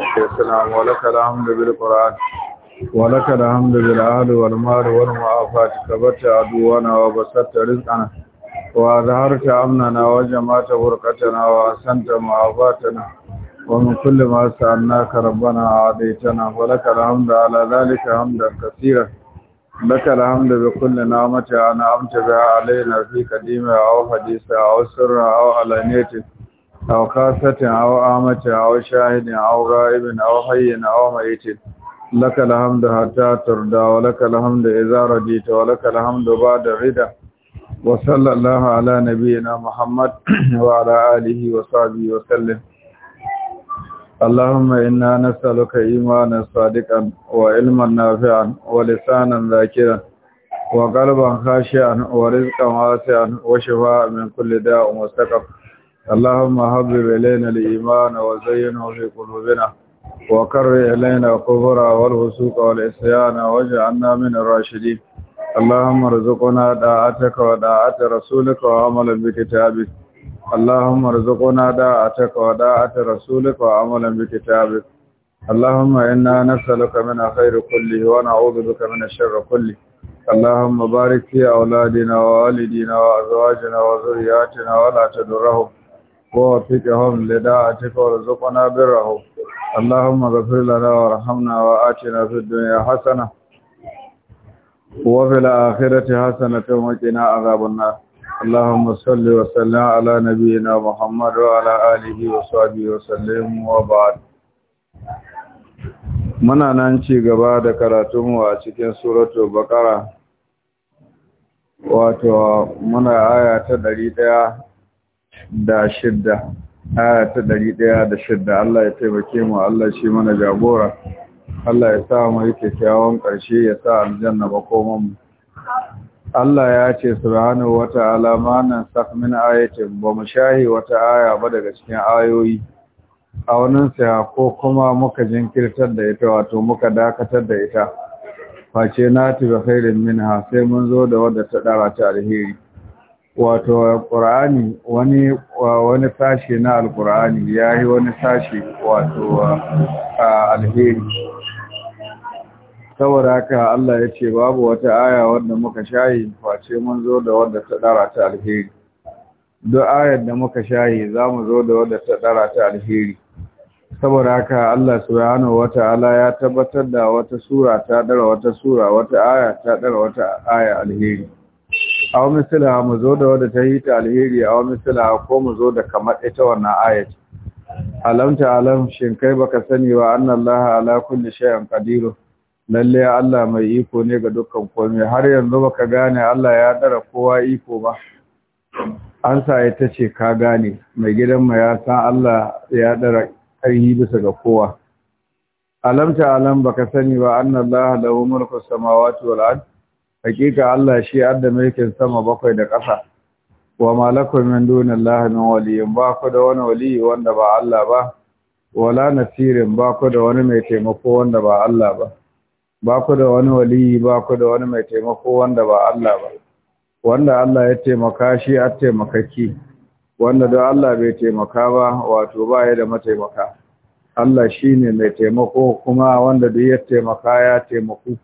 السلام ولك الحمد بالقرآن ولك الحمد بالأهل والمال والمعافات كبت عدونا وبسطت رزقنا وأظهرت أمننا وجمعت برقتنا وأحسنت معافاتنا ومن كل ما سألناك ربنا عاديتنا ولك الحمد على ذلك حمدا كثيرا لك الحمد بكل نعمة أنعمت بها علينا في قديمة أو حديثة أو سرة أو علانية أو خاصة أو آمة أو شاهد أو غائب أو حي أو ميت لك الحمد حتى ترضى ولك الحمد إذا رضيت ولك الحمد بعد الرضا وصلى الله على نبينا محمد وعلى آله وصحبه وسلم اللهم إنا نسألك إيمانا صادقا وعلما نافعا ولسانا ذاكرا وقلبا خاشعا ورزقا واسعا وشفاء من كل داء وسقم اللهم حبب إلينا الإيمان وزينه في قلوبنا وكر إلينا الكفر والفسوق والإسيان واجعلنا من الراشدين اللهم ارزقنا داعتك وطاعة رسولك وعملا بكتابك اللهم ارزقنا داعتك وطاعة رسولك وعملا بكتابك اللهم إنا نسألك من خير كله ونعوذ بك من الشر كله اللهم بارك في أولادنا ووالدينا وأزواجنا وذرياتنا ولا تدرهم ووفقهم لداعتك وارزقنا بره اللهم غفر لنا ورحمنا وآتنا في الدنيا حسنة وفي الآخرة حسنة وقنا عذاب النار اللهم صل وسلم على نبينا محمد وعلى آله وصحبه وسلم وبعد muna nan ci gaba da karatunmu a cikin suratul baqara wato muna aya ta ɗari ɗaya. da shidda aya ta ɗari ɗaya da shidda Allah ya taimake mu Allah shi mana jagora Allah ya sa mu yi kyakkyawan ƙarshe ya sa aljanna ba mu Allah ya ce subhanahu wata'ala ma nan min ayatin ba mu shahi wata aya ba daga cikin ayoyi a wannan sa ko kuma muka jinkirtar da ita wato muka dakatar da ita face na tiba khairin minha sai mun zo da wadda ta dara ta alheri wato alqur'ani wani wani sashi na alqur'ani yayi wani sashi wato alheri saboda haka Allah ya ce babu wata aya wanda muka shayi face mun zo da wanda ta dara ta alheri duk ayar da muka shayi za mu zo da wanda ta dara ta alheri saboda haka Allah subhanahu wata'ala ya tabbatar da wata sura ta dara wata sura wata aya ta dara wata aya alheri aw misala mu zo da wadda ta yi ta alheri aw misala ko mu zo da kamar ita wannan ayat Alamta alam shin kai baka sani wa annallaha ala kulli shay'in qadir lalle Allah mai iko ne ga dukkan komai har yanzu baka gane Allah ya dara kowa iko ba an sa ita ce ka gane mai gidan ya san Allah ya dara ƙarhi bisa ga kowa alam alam baka sani wa annallaha lahu mulku samawati wal adi. hakika Allah shi adda mulkin sama bakwai da ƙasa wa malakum min dunillahi min waliyin ba ku da wani wali wanda ba Allah ba wala nasirin ba ku da wani mai taimako wanda ba Allah ba ba ku da wani wali ba ku da wani mai taimako wanda ba Allah ba wanda Allah ya taimaka shi a taimakaki wanda da Allah bai taimaka ba wato ba ya da mataimaka Allah shi ne mai taimako kuma wanda duk ya taimaka ya taimaku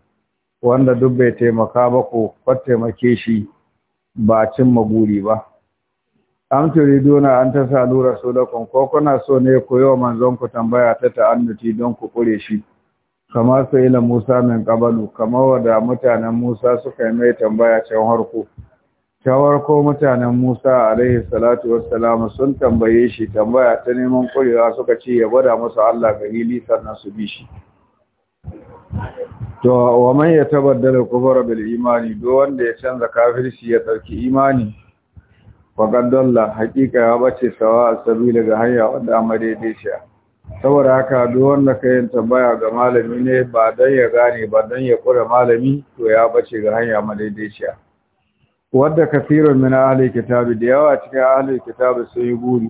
wanda duk bai taimaka ba ko taimake shi ba cin maguri ba am turiduna an tasalu da ko kuna so ne ku yi wa manzon ku tambaya ta ta'annuti don ku kure shi Kamar su ila Musa min ƙabalu. Kamar wada mutanen Musa suka yi mai tambaya can harko shawar ko mutanen Musa rai salatu wassalamu sun tambaye shi tambaya ta neman kurewa suka ce ya gwada musu Allah ga hili sannan su bi shi to wa man tabaddala kufara bil imani do wanda ya canza kafirci ya tsarki imani wa gaddalla haqiqa ya bace sawa sabila ga hanya wanda amma daidai shi saboda haka do wanda ka yin tambaya ga malami ne ba dan ya gane ba dan ya kura malami to ya bace ga hanya ma daidai shi wadda kafirun min ahli kitabi da yawa cikin ahli kitabi sun yi guri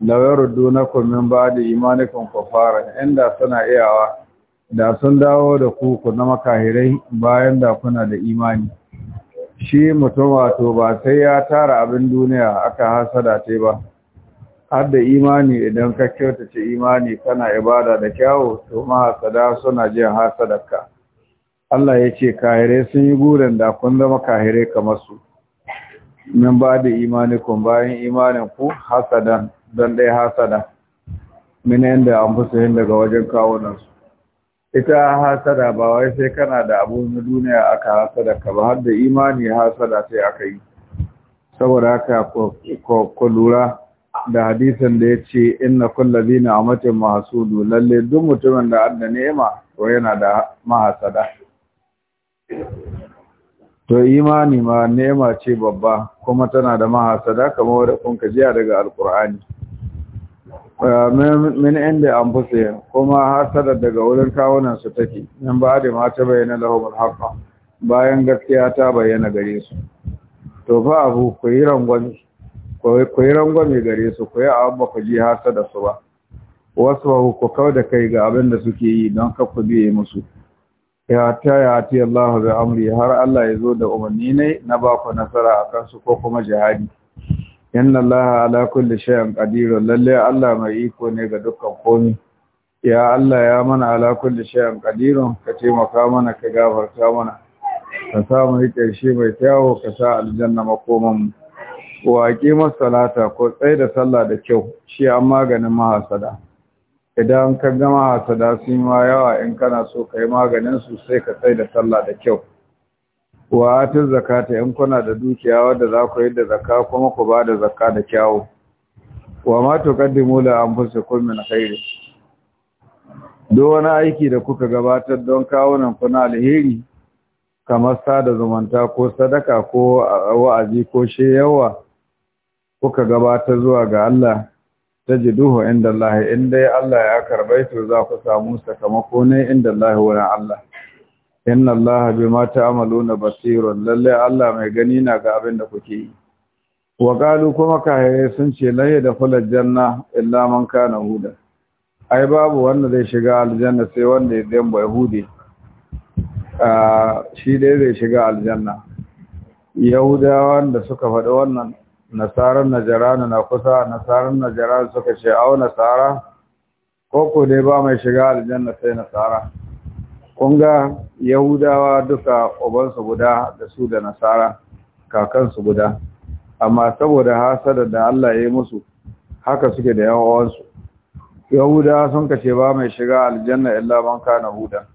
lawar dunakum min ba'di imanikum kufara inda suna iyawa da sun dawo da ku ku na makahirai bayan da kuna da imani shi mutum wato ba sai ya tara abin duniya aka hasada ce ba har da imani idan ka kyautace imani kana ibada da kyawu to mahasada suna jin hasadarka Allah ya ce kahirai sun yi gurin da kun zama kahirai kamar su min ba da kun bayan imanin ku hasadan don ɗaya hasada min yadda an fusahin daga wajen kawunansu ita hasada ba wai sai kana da abu na duniya aka hasada ka ba har da imani hasada sai aka yi saboda haka ko lura da hadisin da yace inna kullabi na amatin lalle duk mutumin da adda nema to yana da mahasada to imani ma nema ce babba kuma tana da mahasada kamar wadda kun jiya daga alkur'ani Eh, min inda an fusaye kuma hasada daga wurin kawunan su take nan ba da mata bayyana lahumul haqqa bayan gaskiya ta bayyana gare su to fa abu ku yi ku yi rangwami gare su ku yi abba ku ji hasada su ba wasu ku kau da kai ga abin da suke yi don ku biye musu ya ta ya ti Allah amri har Allah ya zo da umarni ne na ba nasara a kansu ko kuma jihadi inna allaha ala kulli shay'in qadir lalle allah mai iko ne ga dukkan komai ya allah ya mana ala kulli shay'in qadir ka taimaka mana ka gafarta mana ka sa mu yi karshe mai kyawu ka sa aljanna makoman wa aqima salata ko tsaye da sallah da kyau shi an maganin mahasada idan ka gama hasada sun yawa in kana so ka yi maganin su sai ka tsaye da sallah da kyau wa ta zakata in kuna da dukiya wadda za ku yi da zakka kuma ku ba da zakka da kyawu wa ma tuqaddimu la anfusikum min khairin duk wani aiki da kuka gabatar don kawunan nan kuna alheri kamar sada zumunta ko sadaka ko wa'azi ko sheyawa kuka gabatar zuwa ga Allah tajiduhu inda Allah in dai Allah ya karbai to za ku samu sakamako ne inda Allah wurin Allah inna allaha bima ta'maluna basirun lalle Allah mai gani na ga abin da kuke yi wa qalu kuma kayaye sun ce laye da dakhulal janna illa man kana huda ai babu wanda zai shiga aljanna sai wanda ya zamba yahudi shi dai zai shiga aljanna yahudawan da suka faɗi wannan nasarar najarana na kusa nasarar najarana suka ce au nasara ko ko dai ba mai shiga aljanna sai nasara kunga yahudawa duka ubansu guda da su da nasara kakansu guda amma saboda hasada da Allah ya yi musu haka suke da yawansu yahudawa sun kace ba mai shiga aljanna illa man kana huda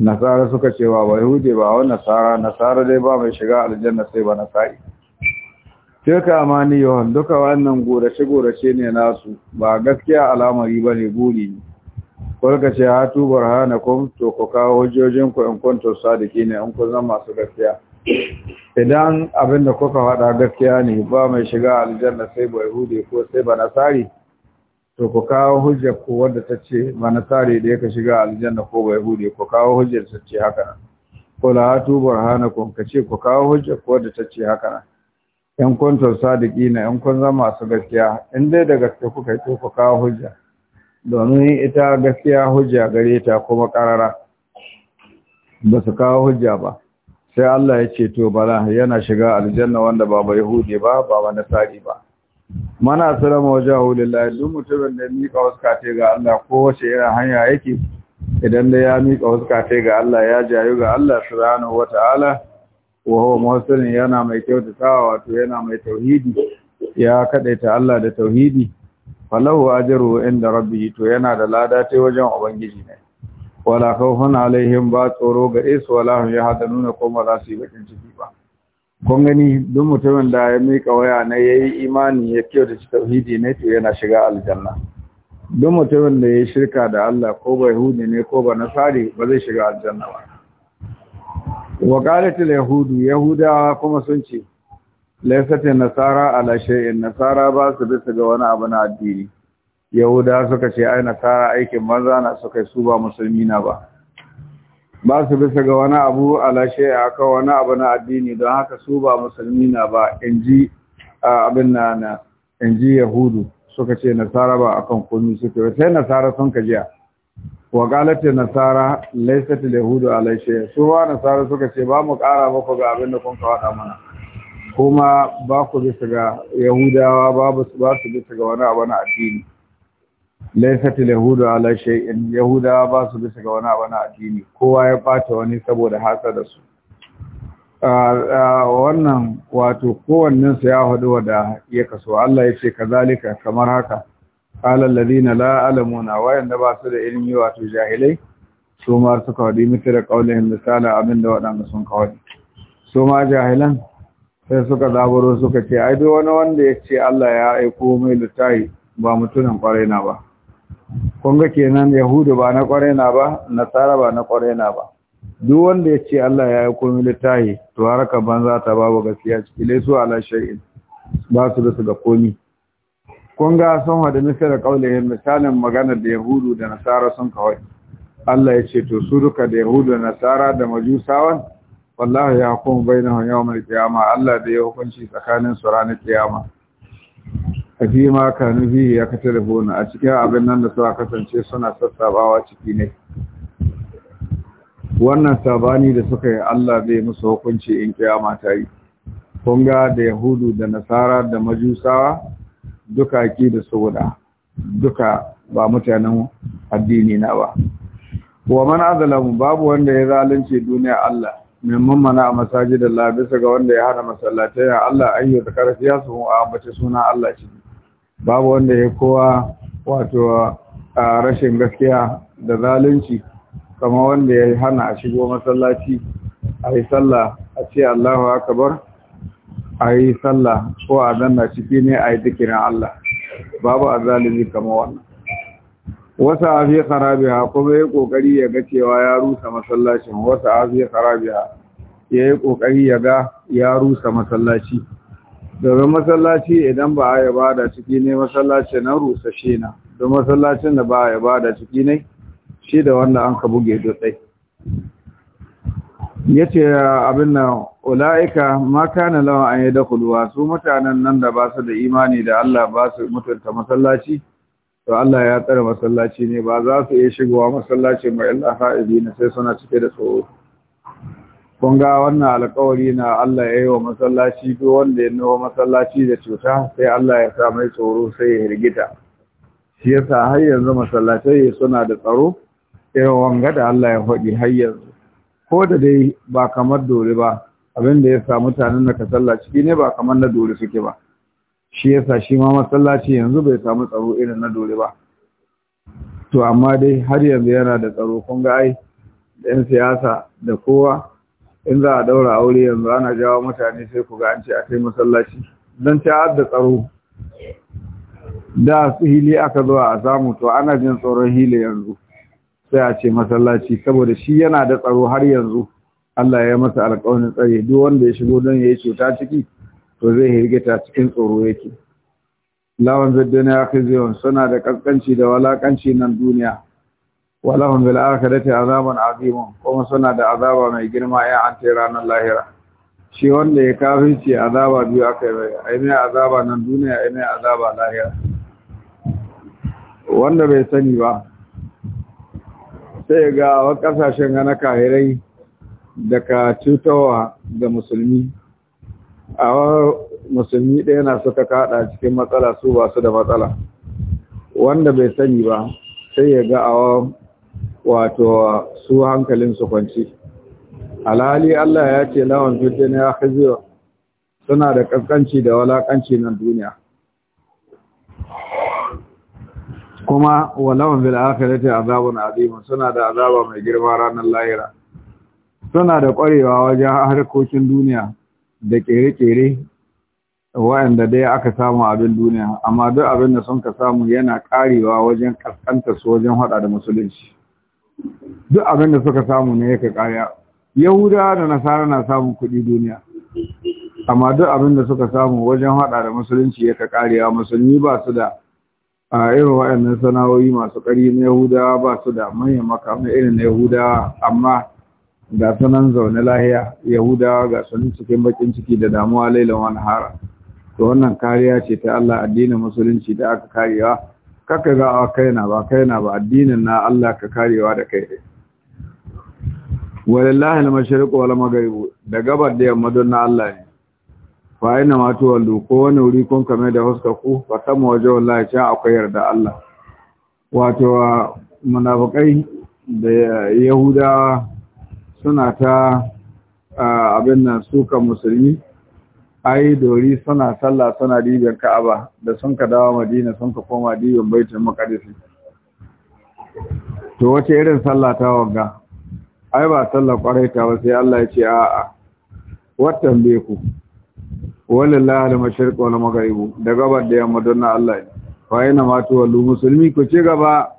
nasara suka ce ba yahude ba wa nasara nasara dai ba mai shiga aljanna sai ba nasari Tilka amani yawan duka wannan gorace-gorace ne nasu ba gaskiya alamari bane ne guri ne. kulka ce hana kun to ku kawo hujjojin ku in ki ne in kun zama masu gaskiya idan abin da kuka faɗa gaskiya ne ba mai shiga aljanna sai ba yahudi ko sai ba nasari to ku kawo hujjar ku wanda ta ce ba nasari da ka shiga aljanna ko ba yahudi ku kawo hujjar ta ce haka kula hatu kun ka ce ku kawo hujjar ku wanda ta ce haka in ki ne in kun zama masu gaskiya in dai da gaske kuka yi to ku kawo hujjar domin ita gaskiya hujja gare ta kuma karara ba su kawo hujja ba sai Allah ya ce to bala yana shiga aljanna wanda ba bai hude ba ba wani sari ba mana salama jahu lillahi duk mutumin da ya mika wasu ce ga Allah ko wace irin hanya yake idan da ya mika wasu ce ga Allah ya jayu ga Allah subhanahu wata'ala wa huwa muhsin yana mai kyautatawa wato yana mai tauhidi ya kadaita Allah da tauhidi falahu ajruhu inda rabbih to yana da lada tai wajen ubangiji ne wala khawfun alaihim ba tsoro ga isu wala hum nuna ko ba za su yi bakin ciki ba kun gani duk mutumin da ya mika waya na yayi imani ya kyauta tauhidi ne to yana shiga aljanna duk mutumin da ya shirka da Allah ko ba yahudi ne ko ba nasari ba zai shiga aljanna ba wa qalat yahudu yahuda kuma sun ce laisata nasara ala shay'in nasara ba su bisa ga wani abu na addini yahuda suka ce ai nasara aikin maza na suka su ba musulmi na ba ba su bisa ga wani abu ala shay'a aka wani abu na addini don haka su ba musulmi na ba inji abin na na inji yahudu suka ce nasara ba akan komai suke sai nasara sun kajiya wa galata nasara laisata yahudu ala shay'a su wa nasara suka ce ba mu kara muku ga abin da kun kawada mana kuma ba ku bisa ga yahudawa babu ba su bisa ga wani abu na addini laysat yahudu ala shay'in yahudawa ba su bisa ga wani abu na addini kowa ya bata wani saboda hasa da su wannan wato kowannen su ya hadu da ya kaso Allah ya ce kazalika kamar haka qala alladhina la alamuna wayanda ba su da ilimi wato jahilai su ma suka wadi mita da misala abinda waɗanda sun kawai su ma jahilan sai suka zaburo suka ce ai duk wani wanda ya ce Allah ya aiko mai littafi ba mutumin kwarai ba kun ga kenan yahudu ba na kwarai ba nasara ba na kwarai ba duk wanda ya ce Allah ya aiko mai littafi to ka banza ta babu gaskiya ciki laisu ala shay'in ba su da su ga komi kun ga sun hada misal kaulihin misalin maganar da yahudu da nasara sun kawai Allah ya ce to su duka da yahudu da nasara da majusawan wallahi ya kuma bainahum mai kiyama Allah da ya hukunci tsakanin su ranar kiyama fi ma ka nufi ya a cikin abin nan da suka kasance suna sassabawa ciki ne wannan sabani da suka yi Allah zai musu hukunci in kiyama ta yi kunga da yahudu da nasara da majusawa duka ke da saboda duka ba mutanen addini na ba wa man azalamu babu wanda ya zalunce duniya Allah mimman mana a masajid Allah bisa ga wanda ya hana masallatai a Allah ayyu da karfiya su a ambace suna Allah ce babu wanda ya kowa wato rashin gaskiya da zalunci kama wanda ya hana a shigo masallaci a yi sallah a ce Allahu akabar a yi sallah ko a zanna ciki ne a yi zikirin Allah babu azalimi kama wannan wasa afi kharabiha kuma ya kokari ya ga cewa ya rusa masallacin wasa afi ya yi ƙoƙari ya ga ya rusa masallaci domin masallaci idan ba a yaba da ciki ne masallaci na shi na don masallacin da ba a yaba da ciki ne shi da wanda an ka buge dutsai ya ce abin nan ula'ika ma na lawa an yi dakuluwa su mutanen nan da ba su da imani da Allah ba su mutunta masallaci to Allah ya tsara masallaci ne ba za su iya shigowa masallaci mai Allah ha’izi na sai suna cike da tsoro kun ga wannan alkawari na Allah ya yi wa masallaci duk wanda ya nawa masallaci da cuta sai Allah ya sa mai tsoro sai ya hirgita shi yasa har yanzu masallatai suna da tsaro irin wanga da Allah ya faɗi har yanzu ko da dai ba kamar dole ba abin da ya sa mutanen da ka sallaci ne ba kamar na dole suke ba shi yasa shi ma masallaci yanzu bai samu tsaro irin na dole ba to amma dai har yanzu yana da tsaro kun ga ai da 'yan siyasa da kowa in za a ɗaura aure yanzu ana jawo mutane sai ku ga an ce a kai masallaci don ta da tsaro da su hili aka zuwa a samu to ana jin tsoron hili yanzu sai a ce masallaci saboda shi yana da tsaro har yanzu Allah ya masa alƙawarin tsare duk wanda ya shigo don ya yi cuta ciki to zai hirgita cikin tsoro yake lawan zaddana ya kai suna da kaskanci da walakanci nan duniya walahum bil akhirati azaban azim kuma suna da azaba mai girma ya an ranar lahira shi wanda ya kafirce azaba biyu akai mai ai mai azaba nan duniya ai mai azaba lahira wanda bai sani ba sai ga wa kasashen na kahirai da ka cutarwa ga musulmi a musulmi ɗaya na suka kaɗa cikin matsala su ba su da matsala wanda bai sani ba sai ya ga awa wato su hankalin su kwanci alhali Allah ya ce lawan fitin ya khizir suna da kankanci da walakanci na duniya kuma walawan bil akhirati azabun azim suna da azaba mai girma ranar lahira suna da kwarewa wajen harkokin duniya da kere-kere wa'anda dai aka samu abin duniya amma duk abin da sun ka samu yana karewa wajen kaskanta su wajen hada da musulunci duk abin da suka samu ne yake kariya yahuda da nasara na samun kuɗi duniya amma duk abin da suka samu wajen haɗa da musulunci yake kariya musulmi ba su da a irin waɗannan sana'o'i masu ƙari na yahuda ba su da manyan makamai irin na yahuda amma ga sanan zaune lahiya yahuda ga sanin cikin bakin ciki da damuwa lailan wani hara to wannan kariya ce ta Allah addinin musulunci da aka karewa kaka ga a kaina ba kaina ba addinin na Allah ka karewa da kai ne walillahi na mashariku wala da gabar da yamma don na Allah ne fa ina ma to wallo ko wani wuri kun kame da huska ku fa mu waje wallahi cha akwai yarda Allah wato munafikai da yahuda suna ta abin nan suka musulmi ai dori suna sallah suna dibiyar ka'aba da sun ka dawo madina sun ka koma dibiyar baitul maqdis to wace irin sallah ta wanga ai ba sallah kwarai ta ba sai Allah ya ce a'a watan be ku wallahi al-mashriq wal maghrib da gabar da yamma don Allah fa ina ma to wallu musulmi ku ce gaba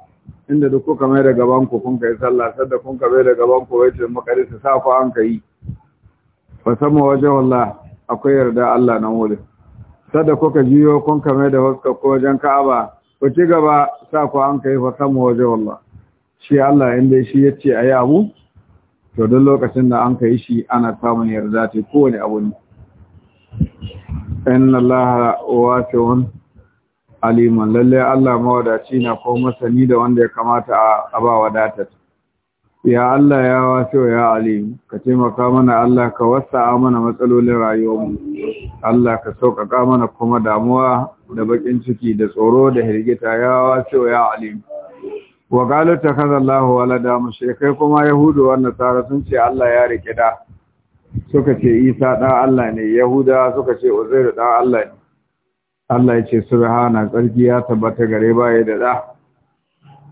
inda duk kuka mai da gaban ku kun kai sallah sadda kun ka mai da gaban ku wai ce sa ku an kai fa sama waje wallahi akwai yarda Allah nan wurin sada kuka jiyo kun kame da wasu ko wajen Ka'aba ku ci gaba sa ku an kai fa samu waje wallah shi Allah in dai shi yace ayi abu to duk lokacin da an kai shi ana samun yarda ta kowane abu ne inna Allah wasi'un aliman lalle Allah mawadaci na ko masani da wanda ya kamata a ba wadatar ya Allah ya wasu ya alim ka taimaka mana Allah ka wasa mana matsalolin rayuwarmu Allah ka sauƙaƙa mana kuma damuwa da baƙin ciki da tsoro da hirgita ya wasu ya alim wa qalu takazallahu walada Shekai kuma yahudu wa nasara sun ce Allah ya rike da suka ce Isa da Allah ne yahuda suka ce Uzair da Allah ne Allah ya ce subhana tsarki ya tabbata gare baya da da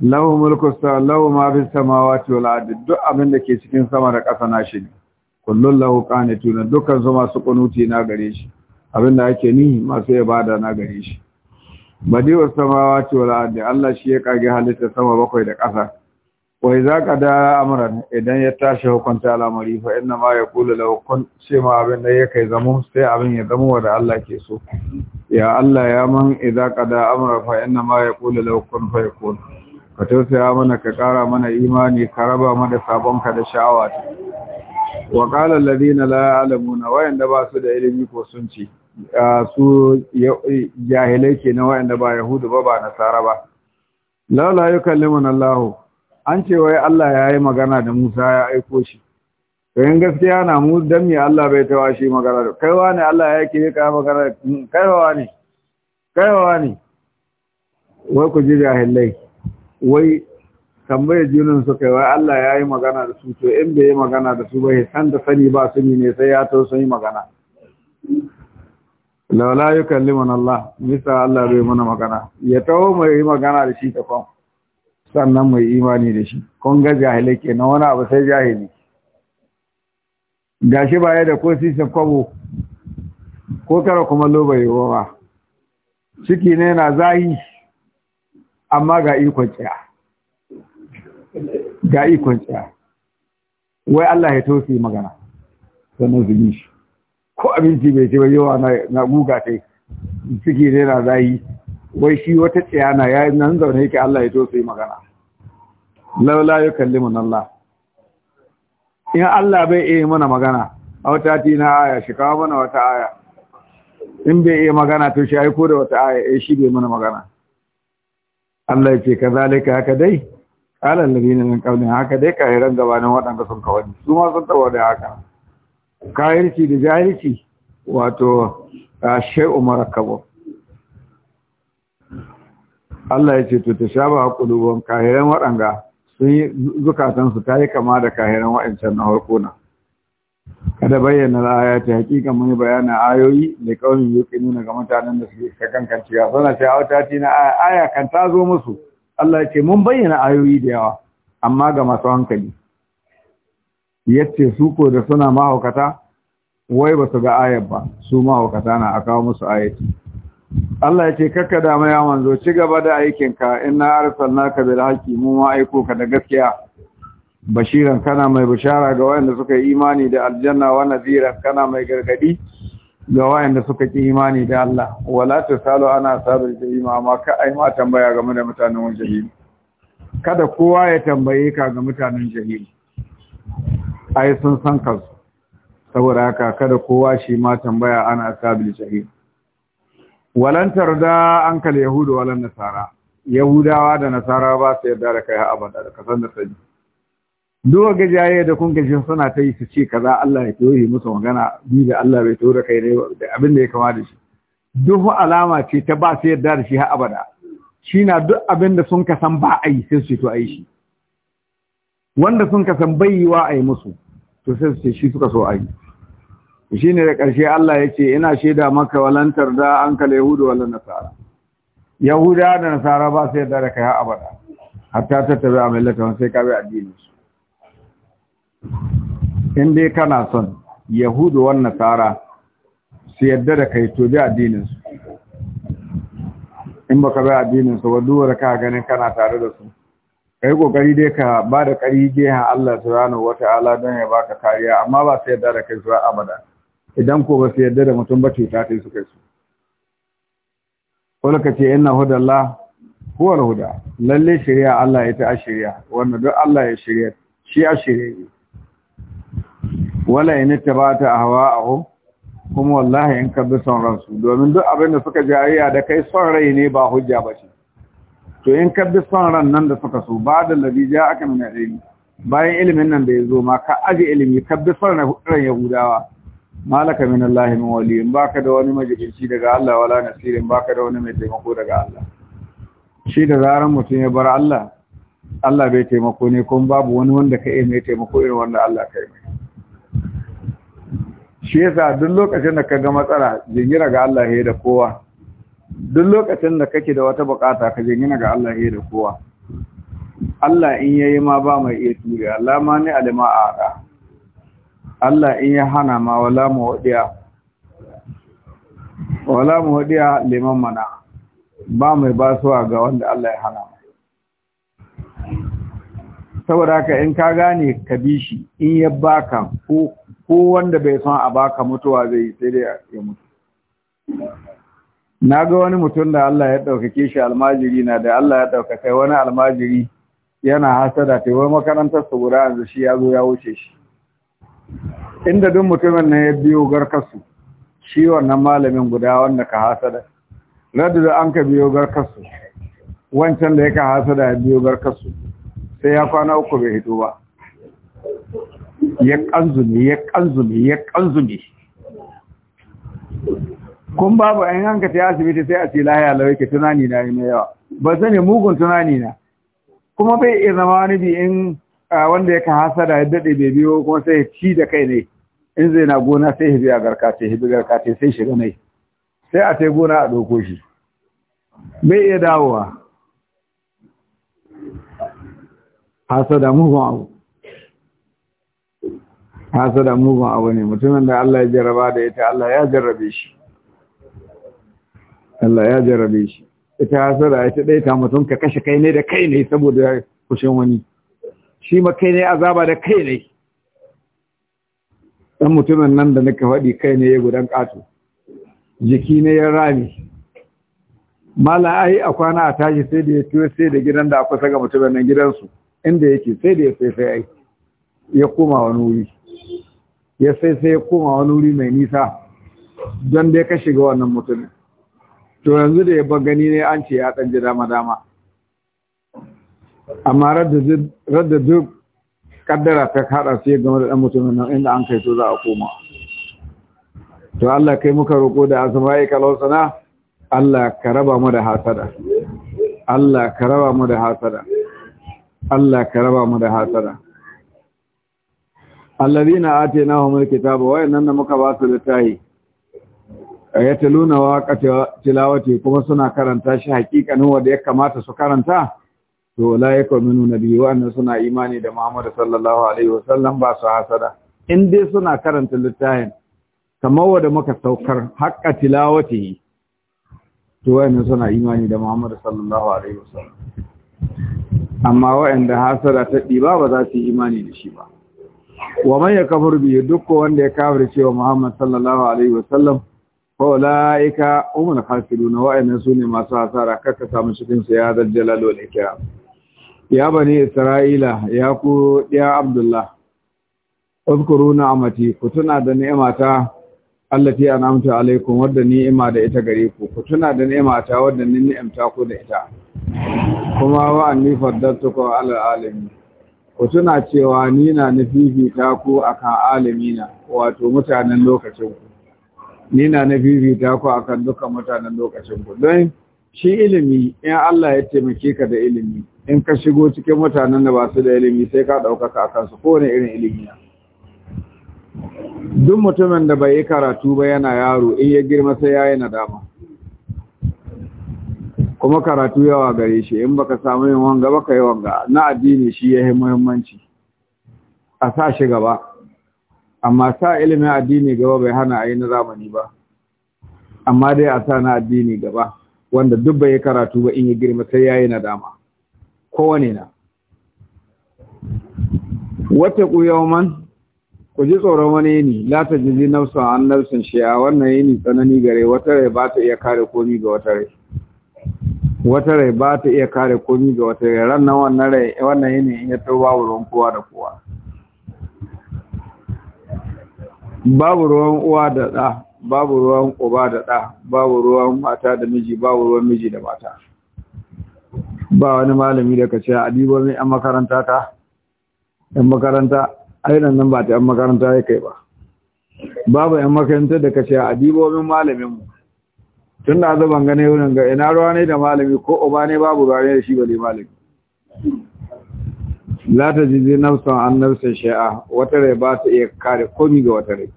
lahu mulku lahu ma fi samawati wal ardi duk abin da ke cikin sama da ƙasa na shi kullun lahu qanituna dukkan su masu kunuti na gare shi abin da ake ni masu ibada na gare shi wa samawati wal ardi Allah shi ya kage halitta sama bakwai da ƙasa wai za ka amran idan ya tashi hukunta al'amari fa inna ma yaqulu lahu kun ce ma abin da yake zamu, sai abin ya zamu wanda Allah ke so ya Allah ya man idza qada amra fa inna ma yaqulu lahu kun yakun ka tausaya mana ka ƙara mana imani ka raba mana sabonka da sha'awa wa qala alladhina la ya'lamuna wayanda ba su da ilimi ko sun ce su jahilai kenan wayanda ba yahudu ba ba nasara ba laula yukallimuna Allah an ce wai Allah ya yi magana da Musa ya aiko shi in gaskiya na mu dan Allah bai tawa shi magana kaiwa ne Allah ya yake ka magana hmm, kaiwa ne kaiwa ne wai ku ji jahilai wai tambayar junan su kai wai Allah ya yi magana da su to in bai yi magana da su bai san da sani ba su ne sai ya to sun yi magana laula yukallimuna Allah misa Allah bai mana magana ya taho mai yi magana da shi kafan sannan mai imani da shi kun ga jahilai kenan wani abu sai jahili gashi baya da ko sisin kwabo ko kara kuma lobayewa ba ciki ne na zahi amma ga ikon tsaya ga ikon tsaya wai Allah ya tausi magana sannan na yi shi ko abinci bai ce ba yawa na guga ta ciki ne na zayi wai shi wata tsaya na ya nan zaune yake Allah ya tausi magana laula ya kalli mun Allah in Allah bai iya mana magana a wata tina aya shi kawo mana wata aya in bai iya magana to shi aiko da wata aya ya eh, shi bai mana magana Allah ya ce ka zalika haka dai qalan ladina min qablihim haka dai kafiran gabanin waɗanda sun kawani su ma sun tawo da haka kafirci da jahilci wato Umar kabo Allah ya ce to tashaba qulubun Kahiran waɗanda sun yi zukatansu ta tayi kama da kahiran waɗancan na harkuna kada bayyana ayati hakika mun yi bayana ayoyi da kaunin nuna ga mutanen da suke Suna ya sana wata ce na aya kan ta zo musu Allah ya ce mun bayyana ayoyi da yawa amma ga masu hankali yace su ko da suna mahaukata wai ba su ga ayar ba su mahaukata na a kawo musu ayati Allah ya ce kakkada mai mai manzo ci gaba da aikinka inna arsalnaka bil haqi mu ma aiko ka da gaskiya bashiran kana mai bishara ga wayanda suka yi imani da aljanna wa nadhiran kana mai gargadi ga wayanda suka yi imani da Allah wala tasalu ana sabil da amma ka ai ma tambaya game da mutanen jahili kada kowa ya tambaye ka ga mutanen jahili ai sun san ka saboda haka kada kowa shi ma tambaya ana sabil jahili walan tarda ankal yahudu walan nasara yahudawa da nasara ba su yarda da kai abada da kasan da sani duk ga jaye da kun gashi suna ta yi su ce kaza Allah ya toye musu magana ni da Allah bai tora kai ne da abin da ya kama da shi duk alama ce ta ba su yarda da shi har abada shi na duk abin da sun kasan ba a yi sai su to a yi shi wanda sun kasan bai yi wa a yi musu to sai su ce shi suka so a yi shi ne da ƙarshe Allah ya ce ina shaida maka walantar da an kala yahudu wala nasara yahuda da nasara ba su yarda da kai har abada hatta tattabi a millata sai ka bi addinin su in dai kana son yahudu wannan nasara su yadda da kai to bi addinin su in baka bi addinin su wadda ka ganin kana tare da su kai kokari dai ka ba da kari jiha Allah subhanahu wata'ala don ya baka kariya amma ba su yadda da kai su abada idan ko ba su yadda da mutum ba cuta ta su kai su Wani ka ce inna hudallah huwa huda lalle shari'a Allah ita a shari'a wanda duk Allah ya shari'a shi a shirya. wala in tabata ahwa'uhum kuma wallahi in bi son ransu domin duk abin da suka ayya da kai son rai ne ba hujja ba ce to in bi son ran nan da suka so ba da labi ja aka min ilimi bayan ilimin nan da ya zo ma ka aje ilimi kabbi son ran yahudawa malaka min allahi min wali in baka da wani majalisi daga Allah wala nasirin baka da wani mai taimako daga Allah shi da zaran mutum ya bar Allah Allah bai taimako ne kuma babu wani wanda ka iya mai taimako irin wanda Allah ka yi mai shi yasa duk lokacin da ka ga matsala jingina ga Allah ya da kowa duk lokacin da kake da wata bukata ka jingina ga Allah ya da kowa Allah in yayi ma ba mai iya tura, Allah ma ne alima a haka Allah in ya hana ma wala mu wadiya wala mu wadiya liman mana ba mai basuwa ga wanda Allah ya hana saboda haka in ka gane ka bi shi in ya baka ko ko wanda bai san a baka mutuwa zai yi sai dai ya mutu na ga wani mutum da Allah ya ɗaukake shi almajiri na da Allah ya ɗaukaka wani almajiri yana hasada ta wani makarantar su guda yanzu shi ya zo ya wuce shi inda duk mutumin na ya biyo garkasu shi wannan malamin guda wanda ka hasada radu da an ka biyo garkasu wancan da ya ka hasada ya biyo garkasu sai ya kwana uku bai hito ba ya ƙanzumi ya ƙanzumi ya ƙanzumi kun babu an hanka ta asibiti sai a ce lahiya lauke tunani na mai yawa ba sani mugun tunani na kuma bai iya zama wani bi in wanda ya kan hasada ya daɗe bai biyo kuma sai ya ci da kai ne in zai na gona sai ya biya garka ce ya garka ce sai shiga mai sai a sai gona a ɗauko shi bai iya dawowa hasada mugun abu hasada mugun abu ne mutumin da Allah ya jarraba da ita Allah ya jarrabe shi Allah ya jarrabe shi ita hasada ita dai ta mutum ka kashe kai ne da kai ne saboda kushin wani shi ma kai ne azaba da kai ne dan mutumin nan da nake faɗi kai ne ya gudan ƙato jiki ne ya rami mala ai a kwana a tashi sai da ya tuyo sai da gidan da akwai saka mutumin nan gidansu inda yake sai da ya sai sai ai ya koma wani wuri ya sai sai ya koma wani wuri mai nisa don dai ka shiga wannan mutumin to yanzu da ya ba gani ne an ce ya ɗan ji dama dama amma radda duk kaddara ta kada su yi game da ɗan mutumin nan inda an kai to za a koma to Allah kai muka roƙo da asma'i kalausana Allah ka raba mu da hasada Allah ka raba mu da hasada Allah ka raba mu da hasada alladhina atainahum alkitaba wa inna muka ba su littafi ayataluna wa tilawati kuma suna karanta shi hakikanin wanda ya kamata su karanta to la yakunu nabiyyu wa suna imani da Muhammad sallallahu alaihi wa sallam ba su hasada in dai suna karanta littafin kamar wanda muka saukar hakka tilawati to wayannan suna imani da Muhammad sallallahu alaihi wa sallam. amma wayanda hasada ta diba ba za su yi imani da shi ba wa man yakfur bihi duk wanda ya kafirce cewa Muhammad sallallahu alaihi wasallam fa ulaika umul khasirun wa ayna sunni masu hasara kaka samu cikin su ya dal jalal wal ikram ya bani isra'ila ya ku ya abdullah uzkuru Amati. ku tuna da ni'mata allati an'amtu alaikum wadda ni'ima da ita gare ku ku tuna da ni'mata wadda ni ni'amta ku da ita kuma wa anni faddaltukum ala alamin ku tuna cewa ni na na fifita ku akan alamina wato mutanen lokacin ni na na fifita ku akan dukkan mutanen lokacin ku don shi ilimi in Allah ya taimake ka da ilimi in ka shigo cikin mutanen da ba su da ilimi sai ka ɗaukaka a kansu kowane irin ilimi duk mutumin da bai yi karatu ba yana yaro in ya girma sai ya yi nadama kuma karatu yawa gare shi in baka samu yin wanga baka yi wanga na addini shi yi muhimmanci a sa shi gaba amma sa ilimin addini gaba bai hana a yi na zamani ba amma dai a sa na addini gaba wanda duk bai yi karatu ba in yi girma sai ya yayi nadama kowane na wata man ku ji tsoron wani yini la ta jiji nafsa an shi a. wannan yini tsanani gare wata rai ba ta iya kare komi ga wata rai wata rai ba ta iya kare komi ga wata rai ran nan wannan rai wannan yini ya tau babu ruwan kowa da kowa babu ruwan uwa da ɗa babu ruwan uba da ɗa babu ruwan mata da miji babu ruwan miji da mata ba wani malami da ka ce a dibo mai yan makaranta ta yan makaranta ainihin nan ba ta yan makaranta ya kai ba babu yan makaranta da ka ce a dibo malamin mu. tun da azaban gane wurin ga ina ruwa ne da malami ko uba ne babu ruwa ne da shi bale malami la ta jiji nafsan an nafsa shai'a wata rai ba ta iya kare komi ga wata rai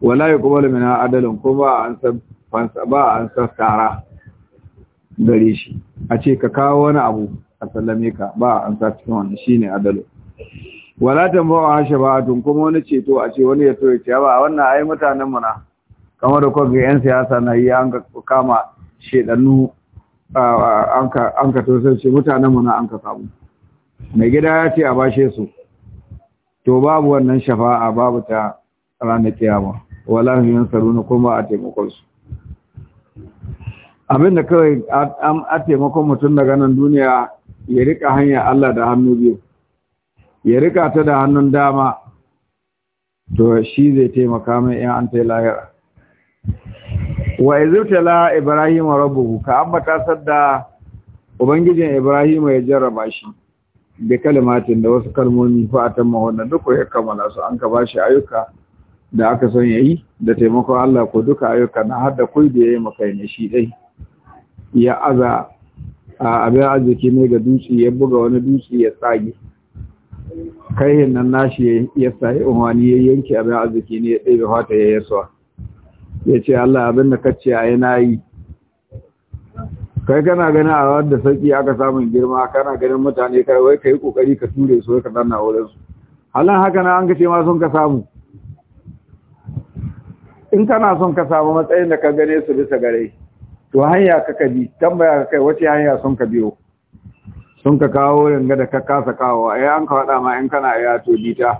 wala ya kuma lamina adalin ko ba an san ba an san tsara gare shi a ce ka kawo wani abu a sallame ka ba an san cikin wannan shine adalo. wala tambawa shafa'atun kuma wani ceto a ce wani ya to ya ce ba wannan ai mutanen mu na kamar da kogi 'yan siyasa na yi an kama shedannu an ka tosarci na an ka samu mai gida ya ce a bashe su to babu wannan shafa'a babu ta ranar kiyama wala yin saruna kuma a taimakonsu abinda kawai a taimakon mutum daga nan duniya ya rika hanyar Allah da hannu biyu ya rika ta da hannun dama to shi zai taimaka mai yan an ta lahira wa izutala ibrahim rabbuhu ka ambata sadda ubangijin ibrahim ya jarraba shi da kalimatin da wasu kalmomi fa atamma wannan duk ya kammala su an ka bashi ayyuka da aka son yayi da taimakon Allah ko duka ayyuka na hadda kai da yayi maka ne shi dai ya aza a abin arziki ne ga dutse ya buga wani dutse ya tsage kai nan nashi ya sai umani ya yanke abin arziki ne ya ɗebe fata ya yasuwa ya ce Allah abin da kacce a yi na yi kai kana ganin a wadda sauƙi aka samun girma kana ganin mutane kai wai ka yi ƙoƙari ka ture su ka zanna wurin halin haka na an kace ma sun ka samu in kana son ka samu matsayin da ka gane su bisa gare to hanya ka ka bi tambaya ka kai wace hanya sun ka biyo sun ka kawo ringa da ka kasa kawo ai an ka faɗa ma in kana ya to bita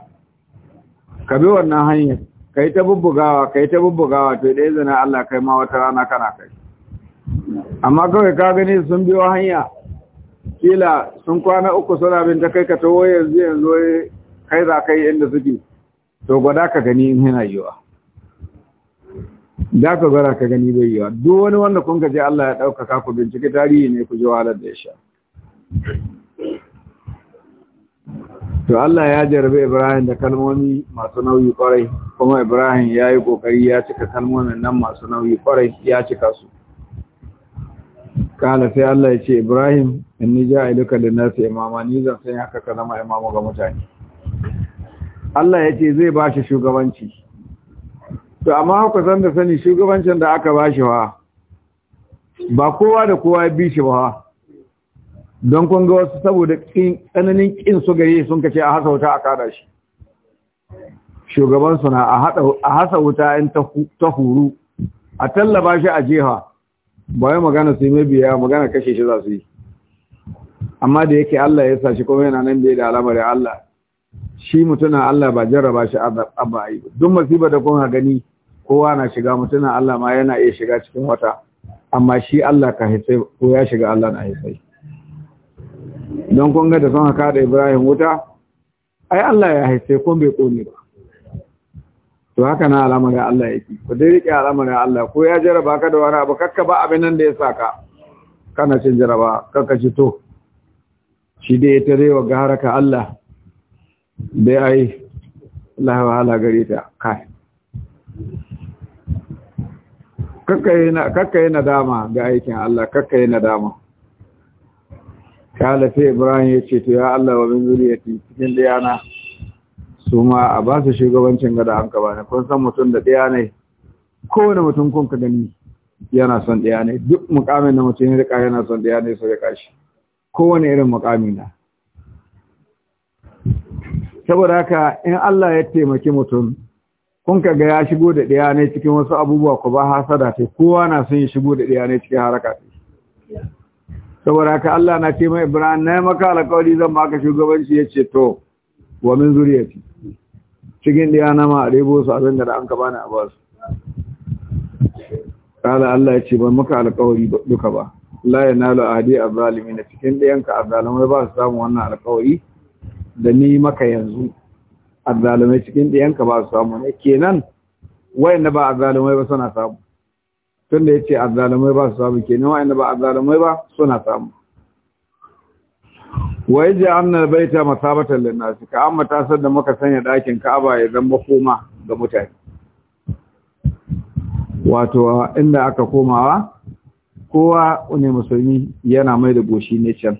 ka bi wannan hanyar kai ta bubbugawa kai ta bubbugawa to dai izinin Allah kai ma wata rana kana kai amma kawai ka gani sun biyo hanya kila sun kwana uku suna bin ta kai ka tawo yanzu yanzu kai za kai inda suke to gwada ka gani in yana yiwa da ka gwada ka gani bai yiwa duk wani wanda kun ka je Allah ya ɗaukaka ku bincike tarihi ne ku ji wahalar da ya sha to Allah ya jarabe Ibrahim da kalmomi masu nauyi kwarai kuma Ibrahim ya yi kokari ya cika kalmomin nan masu nauyi kwarai ya cika su kala sai Allah ya ce Ibrahim inni ja'iluka lin-nasi imama ni zan sanya haka ka zama imama ga mutane Allah ya ce zai bashi shugabanci to amma haka san da sani shugabancin da aka bashi wa ba kowa da kowa ya bi shi ba don kun ga wasu saboda tsananin ƙin su gare sun kace a hasa wuta a kada shi shugabansu na a hasa wuta in ta huru a tallaba shi a jeha ba yi magana su yi mai biya magana kashe shi za su yi amma da yake Allah ya sa shi kuma yana nan da da alamar Allah shi mutuna Allah ba jarraba shi abba a yi duk masiba da kun gani kowa na shiga mutuna Allah ma yana iya shiga cikin wata amma shi Allah ka haifai ko ya shiga Allah na haifai don kunga da son haka da Ibrahim wuta ai Allah ya haife kun bai kone ba to haka na ga Allah yake ku dai rike al'amarin Allah ko ya jaraba ka da wani abu kakka ba abin nan da ya sa ka. kana cin jaraba kakka ci to shi dai ya tare wa haraka Allah dai ai Allah wahala gare ta kai kakka yana kakka dama ga aikin Allah kakka yana dama kala sai ibrahim ya ce to ya Allah wa min zuriyati cikin ɗayana su ma a ba su shugabancin gada an ka bani kun san mutum da ɗaya ne kowane mutum kun ka gani yana son ɗaya ne duk mukamin da mutum ya rika yana son ɗaya ne su rika shi kowane irin mukami na saboda haka in Allah ya taimaki mutum kun ka ga ya shigo da ɗaya ne cikin wasu abubuwa ku ba hasada ta, kowa na son ya shigo da ɗaya ne cikin haraka saboda ka Allah na ce mai Ibrahim na maka alƙawari zan maka shugabanci ya ce to wa min zuriyati cikin da yana ma rebo su abinda da an ka bani a basu kala Allah ya ce ban maka alƙawari duka ba la a zalimi na cikin a zalimai ba su samu wannan alƙawari da ni maka yanzu zalimai cikin yanka ba su samu ne kenan wayanda ba azzalumai ba suna samu tunda ya ce azzalumai ba su samu kenan wa'anda ba azzalumai ba suna samu wa yaji annal baita masabatan linnasi ka amma ta san da muka sanya dakin Ka'aba ya zama koma ga mutane wato inda aka komawa kowa wani musulmi yana mai da goshi ne can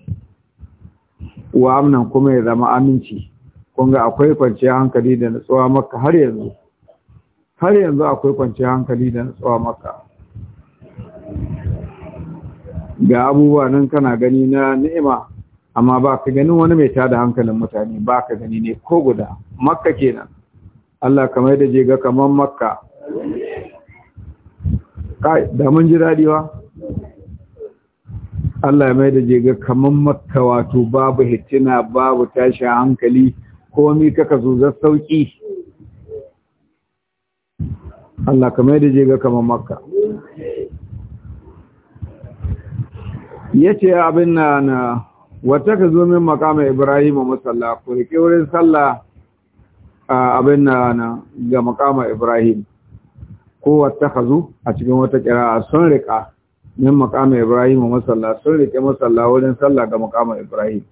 wa amnan kuma ya zama aminci kun ga akwai kwanciyar hankali da nutsuwa maka har yanzu har yanzu akwai kwanciyar hankali da nutsuwa maka ga abubuwa nan kana gani na ni'ima amma ba ka ganin wani mai da hankalin mutane ba ka gani ne ko guda makka kenan Allah kamar da je ga kamar makka kai da mun ji daɗiwa Allah mai da je ga kamar makka wato babu hitina babu tashi hankali komi kaka zuzar sauki Allah kamar da je ga kamar makka yace abin na na wata ka zo min makama Ibrahim musalla ko rike wurin sallah abin na na ga makama Ibrahim ko wata ka zo a cikin wata kira sun rika min makama Ibrahim musalla sun rike musalla wurin sallah ga makama Ibrahim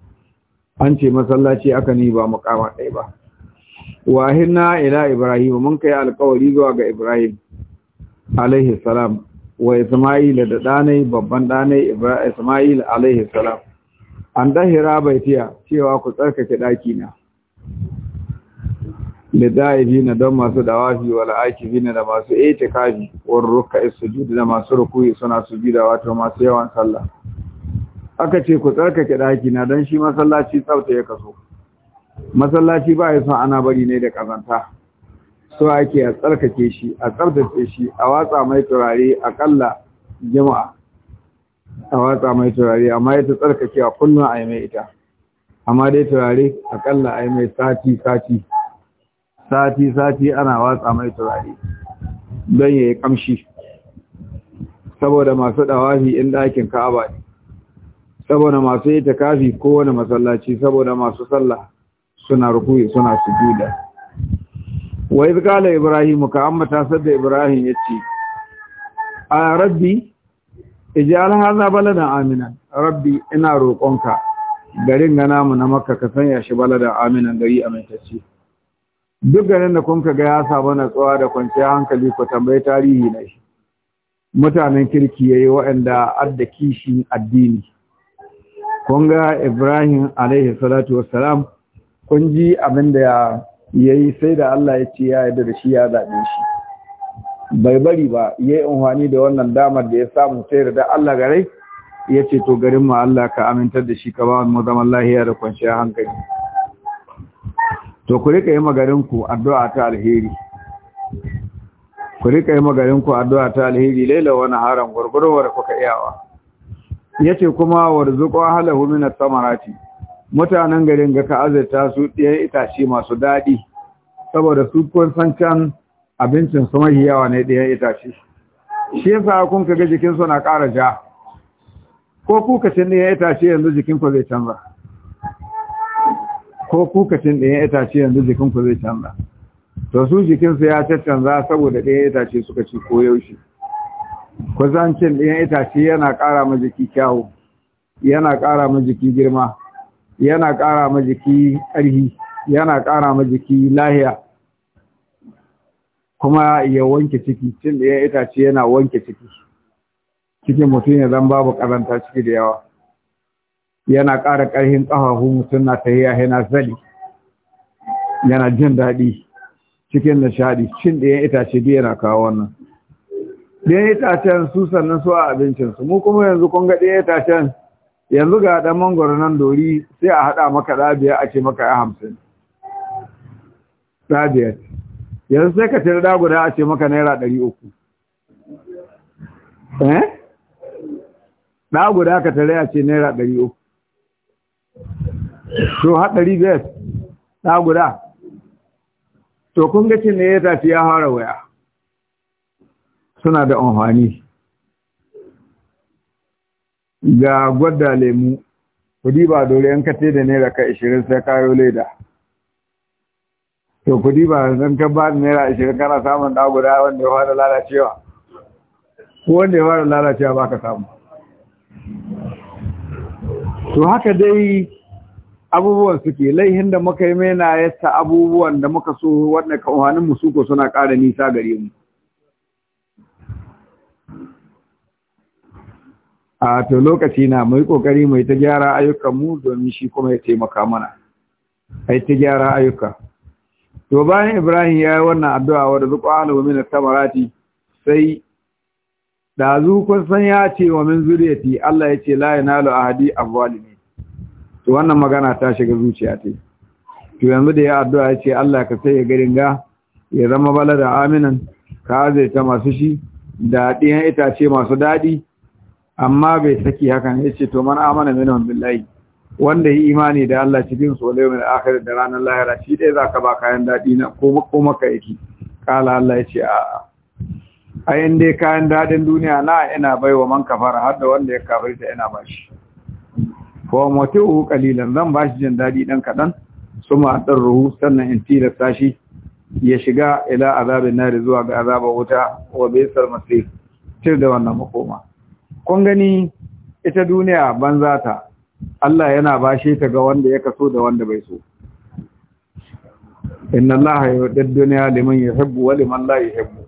an ce masallaci aka ni ba makama ɗaya ba wahinna ila Ibrahim mun kai alƙawari zuwa ga Ibrahim alaihi salam wa Isma'il da ɗanai babban ɗanai Isma'il alaihi salam an dahira baitiya cewa ku tsarkake ɗaki na lidaibi na don masu dawafi wala aiki na da masu itikafi war ruk'a sujudi da masu rukuyi suna sujuda wato masu yawan sallah aka ce ku tsarkake ɗaki na don shi masallaci tsabta ya kaso masallaci ba ya son ana bari ne da kazanta so ake a tsarkake shi a tsarkake shi a watsa mai turare akalla jima'a a watsa mai turare amma ta tsarkake a kullum a yi mai ita amma dai turare akalla a yi mai sati sati sati sati ana watsa mai turare don ya yi kamshi saboda masu dawafi in ɗakin ka'aba ne saboda masu yi takafi kowane masallaci saboda masu sallah suna rukuyi suna sujuda wa iz qala ibrahim ka amma tasar da ibrahim yace a rabbi ij'al hadha baladan amina rabbi ina roƙonka garin ga namu na makka ka sanya shi baladan Amina gari amintacce duk garin da kun ga ya samu tsowa da kwanciyar hankali ku tambayi tarihi na shi mutanen kirki yayi waɗanda adda kishi addini kun ga ibrahim alaihi salatu wassalam kun ji abin da ya yayi sai da Allah ya ce ya yi da shi ya zaɓe shi bai bari ba ya yi unhani da wannan damar da ya samu sai da Allah gare ya ce to garin ma Allah ka amintar da shi ka ba mu zaman lahiya da kwanciya hankali to ku rika yi magarinku addu'a ta alheri ku rika yi magarinku addu'a ta alheri laila wani haram gurgurwar kuka iyawa yace kuma warzuqu ahlahu min at-tamarati mutanen garin ga ka azurta su ɗaya itace masu daɗi saboda su kun san can abincin su mahi yawa ne ɗaya itace shi yasa kun ka ga jikinsu na ƙara ja ko kukacin ɗaya itace yanzu jikinku zai canza ko kukacin ɗaya itace yanzu jikinku zai canza to su jikinsu ya caccanza saboda ɗaya itace suka ci koyaushe kusancin ɗaya itace yana ƙara ma jiki kyawu yana ƙara ma jiki girma yana ƙara ma jiki ƙarfi yana ƙara ma jiki lahiya kuma ya wanke ciki cin da ya itace yana wanke ciki cikin mutum ya zan babu karanta ciki da yawa yana ƙara ƙarfin ƙafafu mutum na tahiya yana zali yana jin daɗi cikin nishaɗi cin da ya itace biyu yana kawo wannan ɗayan itacen su sannan su a abincinsu mu kuma yanzu kun ga ɗayan itacen yanzu ga ɗan mangoro nan dori sai a hada maka ɗabiya a ce maka ya hamsin yanzu sai ka tare guda a ce maka naira ɗari uku eh guda ka tare a ce naira ɗari uku to haɗari biyar guda to kun ga cin ne ya tafi ya hara waya suna da amfani ga gwada lemu kudi ba dole yan kate da naira ka 20 sai kayo leda to kudi ba zan ka ba naira 20 kana samun da guda wanda ya fara lalacewa ko wanda ya fara lalacewa ba ka samu to haka dai abubuwan suke laihin da muka yi mena yasta abubuwan da muka so wanda kawanin musuko suna ƙara nisa gare mu a to lokaci na mu yi kokari mu ta gyara ayyukan mu domin shi kuma ya taimaka mana ai ta gyara ayyuka to bayan Ibrahim ya yi wannan addu'a wadda zuƙwa alahu min samarati sai da kun san ya ce wa min zuriyati Allah ya ce la yanalu ahadi ne. to wannan magana ta shiga zuciya ta to yanzu da ya addu'a ya ce Allah ka sai ya garin ga ya zama balada aminan ka zai ta masu shi da ɗiyan itace masu daɗi amma bai saki hakan ya ce to man amana minhum billahi wanda yi imani da Allah cikin solewa mai akhirat da ranar lahira shi dai zaka ba kayan dadi na ko ko maka yake kala Allah ya ce a a ayin dai kayan dadin duniya na ina baiwa man kafara har da wanda ya kafirta ina bashi ko mutu qalilan zan bashi jin dadi dan kadan suma ruhu, sannan in tira sashi ya shiga ila azabin nari zuwa ga azabar wuta wa bisar masir tir da wannan makoma kun gani ita duniya banza ta Allah yana bashe ta ga wanda ya kaso da wanda bai so inna Allah yu'ti ad-dunya liman yuhibbu wa liman la yuhibbu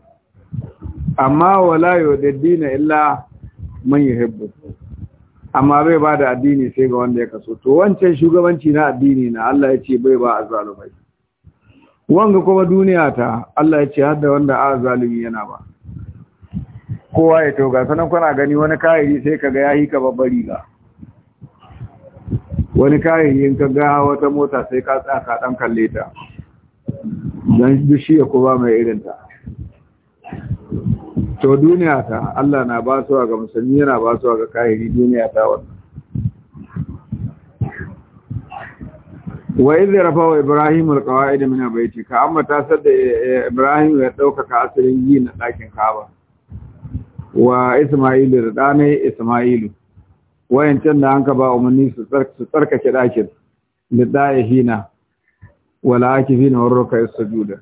amma wala yu'ti ad-din illa man yuhibbu amma bai ba da addini sai ga wanda ya kaso to wancan shugabanci na addini na Allah ya ce bai ba azzalumai wanga kuma duniya ta Allah ya ce har da wanda a zalimi yana ba kowa ya toga sanan kuna gani wani kayayi sai ka ga ya ka babbari riga wani kayayin ka ga wata mota sai ka tsaka dan kalle ta dan shi ya ba mai irin ta to duniya ta Allah na ba su ga musulmi yana ba su ga kayayi duniya ta wannan wa idza rafa ibrahim alqawaid min baiti ka amma ta sadda ibrahim ya dauka ka asirin yi na dakin kaba wa Ismailu da ɗane Ismailu wayancan da an ka ba umarni su tsarkake ɗakin da ɗaya hina wala ake hina wani roka ya juda.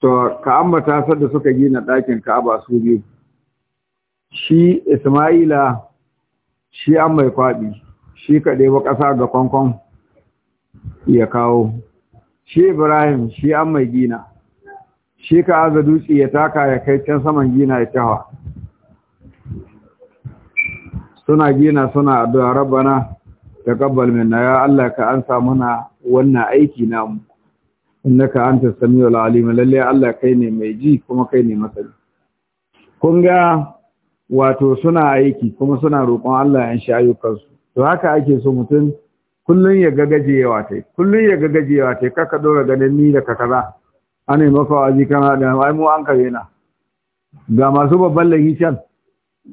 to ka ambata sadda suka gina ɗakin ba su biyu shi Ismaila shi an mai kwaɗi shi ka ɗewa ƙasa ga kwankwan ya kawo shi Ibrahim shi an mai gina shi ka aza dutse ya taka ya kai can saman gina ya tawa suna gina suna addu'a rabbana taqabbal minna ya Allah ka ansa muna wannan aiki namu innaka antas samiul alim lalle Allah kai ne mai ji kuma kai ne masani kun ga wato suna aiki kuma suna roƙon Allah ya shi ayyukansu to haka ake so mutum kullun ya gagajewa tai kullun ya gagajewa tai kaka dora ganin ni da kaza ana maka wazi kana da ai mu an kare na ga masu babban lahi can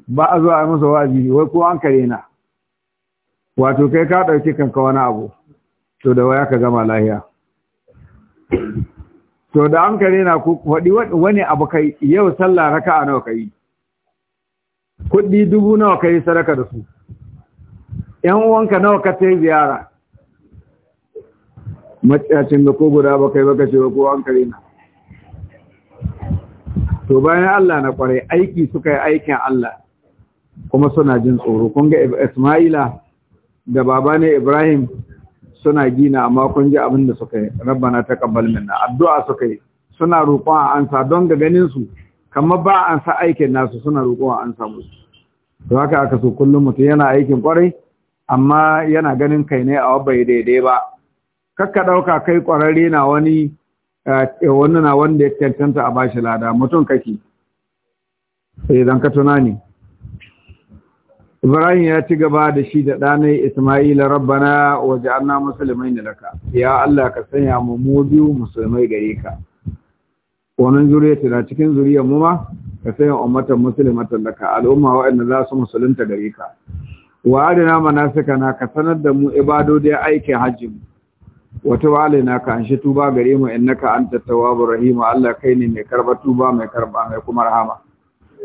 ba a zuwa masa wajibi wai ko an kare na wato kai ka ɗauki kanka wani abu to da waya ka gama lahiya to da an kare na ku faɗi wani abu kai yau sallah raka'a nawa kai kuɗi dubu nawa kai sadaka da su Ƴan uwanka nawa ka ta ziyara maciyacin da ko guda ba kai baka ce ba ko an kare na to bayan Allah na kwarai aiki suka yi aikin Allah kuma suna jin tsoro kun ga Isma'ila da baba ne Ibrahim suna gina amma kun ji abin da suka yi rabbana taqabbal minna addu'a suka yi suna roƙon ansa don ga ganin su kamar ba an sa aikin nasu suna roƙon ansa musu to haka aka so kullum mutum yana aikin kwarai amma yana ganin kai ne a bai daidai ba kakka ɗauka kai ƙwararre na wani Eh, wannan na wanda ya cancanta a bashi lada mutum kake sai eh, zan ka tuna ne Ibrahim ya ci gaba da shi da ɗanai Ismaila rabbana wa ja'alna musulmai ne laka ya Allah ka sanya mu mu biyu musulmai gare ka wannan zuriyata na cikin zuriyar mu ma ka sanya ummatan muslimatan laka al'umma wa'anda za su musulunta gare ka wa adina manasika na ka sanar da mu da aikin hajji mu wata wale na ka anshi tuba gare mu innaka anta tawwabur rahim Allah kai ne mai karba tuba mai karba mai kuma rahama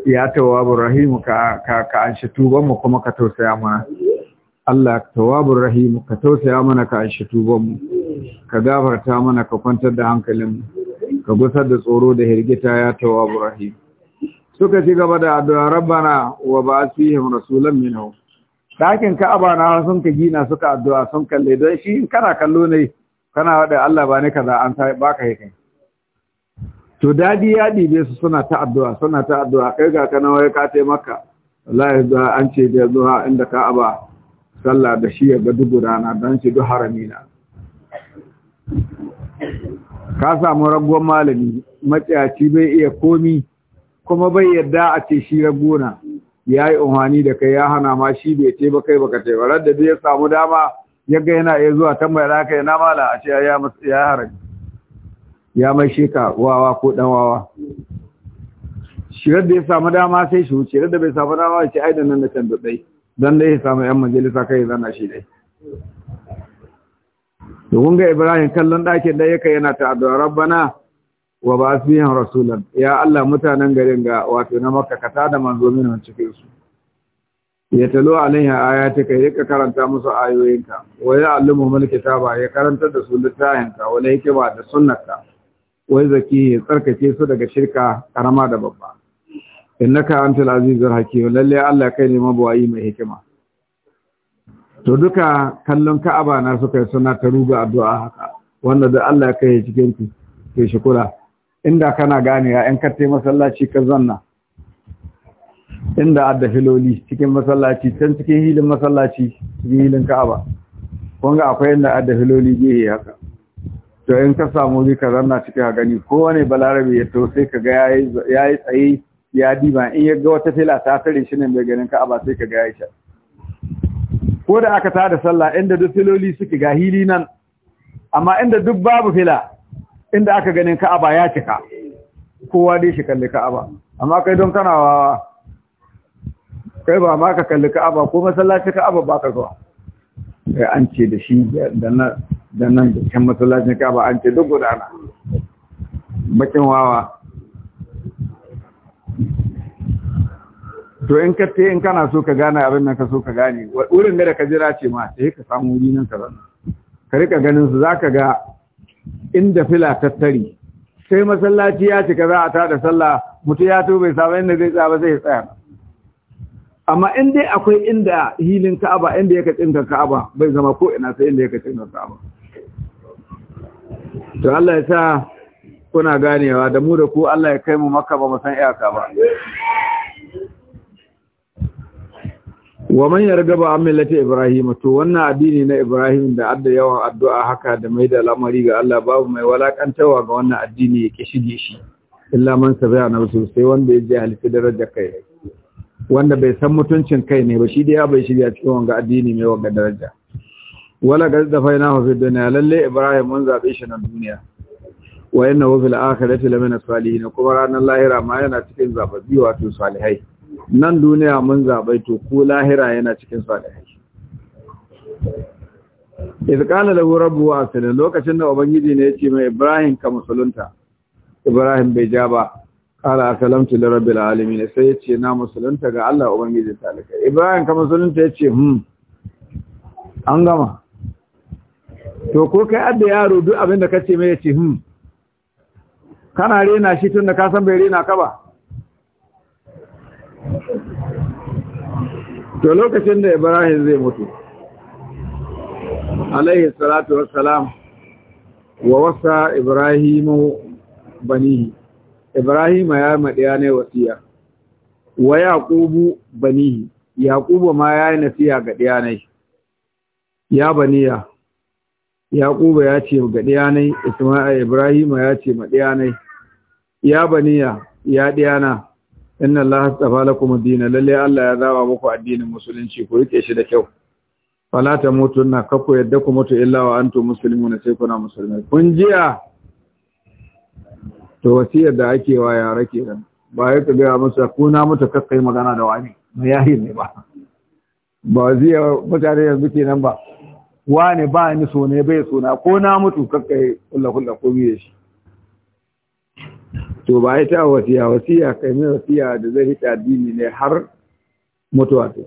ya tawwabur rahim ka ka ka anshi tuban mu kuma ka tausaya mana Allah tawwabur rahim ka tausaya mana ka anshi tuban mu ka gafarta mana ka kwantar da hankalin mu ka gusar da tsoro da hirgita ya tawwabur rahim suka ci gaba da addu'a rabbana wa ba'athihim rasulan minhum ɗakin ka'aba na sun ka gina suka addu'a sun kalle don shi in kana kallo ne kana wada Allah ba ne kaza an sai baka yi to dadi ya dibe su suna ta addu'a suna ta addu'a kai ga kana wai ka te maka wallahi da an ce da zuwa inda ka'aba sallah da shi ya ga dubu rana dan shi duk harami na ka samu ragon malami maciyaci bai iya komi kuma bai yadda a ce shi ragona ya yi umarni da kai ya hana ma shi bai ce ba kai baka ce ba da ya samu dama ya ga yana iya zuwa tambayar haka yana mala a ce ya ya ya mai sheka wawa ko dan wawa shirar da ya samu dama sai shi wuce da bai samu dama ya ce ai da nan da can dai dan dai ya samu yan majalisa kai zana shi dai to kun ga Ibrahim kallon ɗakin da yake yana ta addu'a rabbana wa ba yin rasulan ya Allah mutanen garin ga wato na makka ka tada manzo min cikin su ya talo alaiha kai ya karanta musu ayoyinka wa ya allimu mal kitaba ya karanta da su littafinka wa hikima da sunnarka wa zaki ya tsarkake su daga shirka karama da babba innaka antal azizul hakim lalle Allah kai ne mabawi mai hikima to duka kallon ka'aba na suka yi suna ta ruga addu'a haka wanda da Allah kai cikin ki ke shukura inda kana gane ya ƴan tai masallaci ka zanna inda adda filoli cikin masallaci can cikin hilin masallaci cikin hilin ka'aba kun akwai inda adda filoli gehe haka to in ka samu zai ka zanna cikin gani kowane balarabe ya to sai ka ga yayi tsaye ya diba in ya ga wata fila ta tare shi ne mai ganin ka'aba sai ka ga ya shi ko da aka tada sallah inda duk filoli suke ga hili nan amma inda duk babu fila inda aka ganin ka'aba ya cika kowa dai shi kalli ka'aba amma kai don kana wa kai ba ma ka kalli ka'aba ko masallaci ka'aba ba ka zuwa sai an ce da shi da nan da nan da can masallacin ka'aba an ce duk gudana bakin wawa to in ka te in kana so ka gane abin nan ka so ka gane wurin da ka jira ce ma sai ka samu wuri nan ka zanna ka rika ganin su zaka ga inda fila tattari sai masallaci ya cika za a tada sallah mutu ya to bai inda zai tsaya ba zai tsaya amma in dai akwai inda hilin ka'aba inda yake tsinka ka'aba bai zama ko ina sai inda yake tsinka ka'aba to Allah ya sa kuna ganewa da mu da ku Allah ya kai mu makka ba mu san iyaka ba wa man yargaba an millati ibrahim to wannan addini na ibrahim da adda yawan addu'a haka da mai da lamari ga Allah babu mai walakantawa ga wannan addini yake shige shi illa man sabaya na rasul sai wanda ya je halitta darajar kai wanda bai san mutuncin kai ne ba shi dai ya bai shirya cikin wanga addini mai wanga daraja wala ga da faina hu fi dunya lalle ibrahim mun zabe shi na duniya wa hu fil akhirati lamina salihin kuma ranar lahira ma yana cikin zababbi wato salihai nan duniya mun zaɓai to ko lahira yana cikin salihai izkala lahu a sanin lokacin da ubangiji ne ce mai ibrahim ka musulunta ibrahim bai ja ba a qala da rabbi al’alimi ne sai yace na musulunta ga Allah ubangiji talaka ibrahim ka musulunta ce, hmm an gama to ko kai adda yaro duk abin da ce mai ya ce, hmm kana rena shi tun da ka san bai rena ka ba to lokacin da ibrahim zai mutu alaihi salatu wassalam wa wasa ibrahimu banihi Ibrahim ya madiya ne wasiya wa yaqubu banihi yaqubu ma ya yi nasiya ga ɗiya ne ya baniya yaqubu ya ce ga ɗiya ne isma'il ibrahim ya ce ma ɗiya ne ya baniya ya ɗiya na inna allaha astafa lakum ad-din lalle Allah ya zaba muku addinin musulunci ku rike shi da kyau fala tamutunna kako yadda ku mutu illa wa antum muslimuna sai kuna musulmai kun jiya to wasiyar da ake wa yara kenan ba ya ka gaya masa kuna mutu kakkai magana da wani ba yahi ne ba ba zai mutane yanzu kenan ba wani ba ni so ne bai sona ko na mutu kakkai kullakulla ko biye shi to ba ta wasiya wasiya kai mai wasiya da zai rike addini ne har mutuwa ta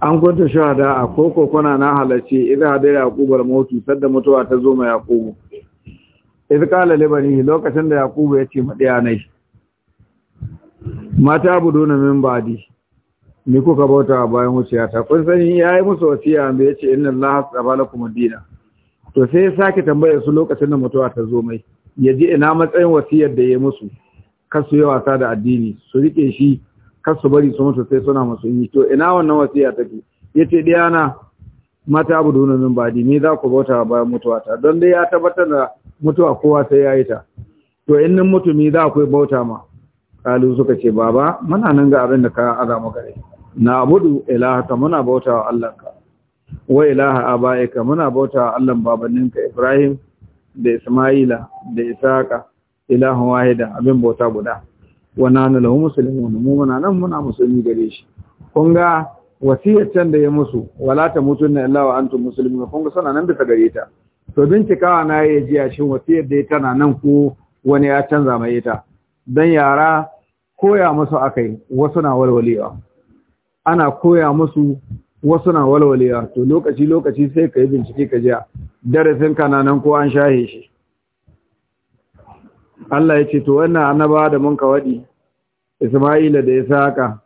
an kwanta shahada a koko kwana na halarci idan hadira yaqubar motu sadda mutuwa ta zo ma yakubu idan kala libani lokacin da Yakubu ya ce maɗiya nai mata dona min badi ni kuka bauta bayan wuciya ta kun sani yi musu wasiya me yace inna allaha kuma dina to sai ya sake tambayar su lokacin da mutuwa ta zo mai ya ji ina matsayin wasiyar da ya musu kasu yi wasa da addini su rike shi kasu bari su mutu sai suna yi? to ina wannan wasiya take ce ɗaya na, mata abu duna min badi ni za ku bauta bayan mutuwa ta don dai ya tabbatar da mutuwa kowa sai ya yi ta to in nan mutu mi za ku bauta ma kalu suka ce baba muna nan ga abin da ka maka gare na abudu ka muna bauta wa allahnka wa ilaha abaika muna bauta wa allahn babanninka ibrahim da Isma'ila da Isaka ilahun wahida abin bauta guda wana na lahu musulmi mu muna nan muna musulmi gare shi kun ga wasiyar da ya musu wala ta mutunna illa wa antum muslimun kun ga sana nan bisa gare ta to bincikawa na ya ji a shin wasiyar da tana nan ko wani ya canza mai ita dan yara koya musu akai wasu na walwalewa ana koya musu wasu na walwalewa to lokaci lokaci sai ka yi bincike ka jiya darasin kananan ko an shahe shi Allah ya ce to wannan annaba da mun ka waɗi Isma'ila da ya Isaka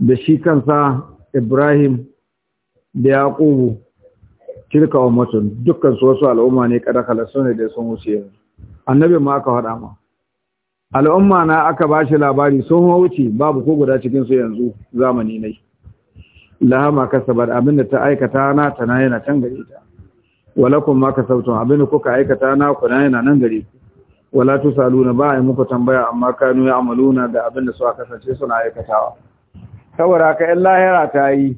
da shi kansa Ibrahim da Yaqubu kirka mutum dukkan su wasu al'umma ne kada kala sunne da sun wuce annabi ma aka faɗa ma al'umma na aka bashi labari sun wuce babu ko guda cikin su yanzu zamani ne lahama kasabar abin da ta aikata na ta na yana can gare ta Wala kun ma kasabtum abin da kuka aikata na ku na yana nan gare ku wala tusaluna ba ai muku tambaya amma kanu ya amaluna da abin da aka kasance suna aikatawa saboda ka in lahira ta yi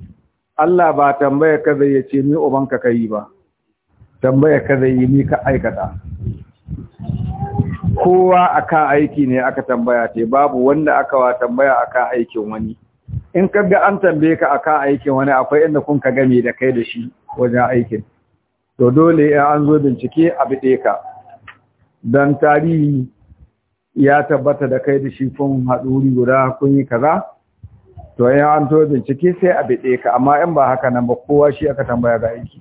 Allah ba tambaya ka zai yace ni ka kai ba tambaya ka zai yi ni ka aikata kowa aka aiki ne aka tambaya ce babu wanda aka wa tambaya aka aikin wani in ka ga an tambaye ka akan aikin wani akwai inda kun ka game da kai da shi wajen aikin to dole ya an zo bincike a biɗe ka don tarihi ya tabbata da kai da shi kun haɗuri guda kun yi kaza to ya an zo bincike sai a biɗeka. ka amma in ba haka nan ba kowa shi aka tambaya ga aiki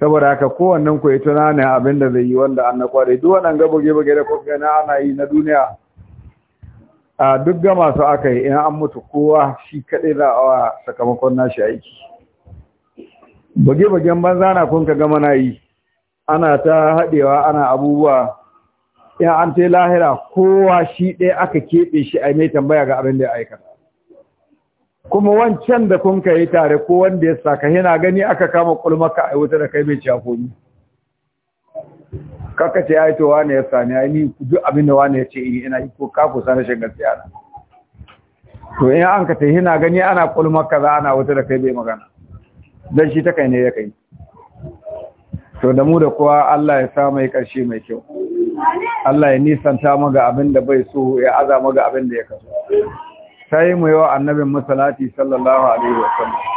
saboda haka kowannen ku ya tunanin abin da zai yi wanda an na kware duk waɗanda buge-buge da kuka na ana yi na duniya a duk gama su aka yi in an mutu kowa shi kaɗai za a sakamakon nashi aiki bage-bagen banza na kunka gama na yi ana ta haɗewa ana abubuwa in an ta lahira kowa shi ɗaya aka keɓe shi a mai tambaya ga abin da ya aikata kuma wancan da kunka yi tare ko wanda ya saka yana gani aka kama kulmaka a wuta da kai mai ciyakomi kaka ce ai to wani ya sani ai ni duk abin da wani ya ce ina yi ko ka ku san rashin gaskiya na to in an ka tai ina gani ana kulmar kaza ana wata da kai bai magana dan shi ta kai ne ya kai to da mu da kowa Allah ya sa mai karshe mai kyau Allah ya nisanta mu ga abin da bai so ya azama ga abin da ya kaso sai mu yi wa annabin masalati sallallahu alaihi wasallam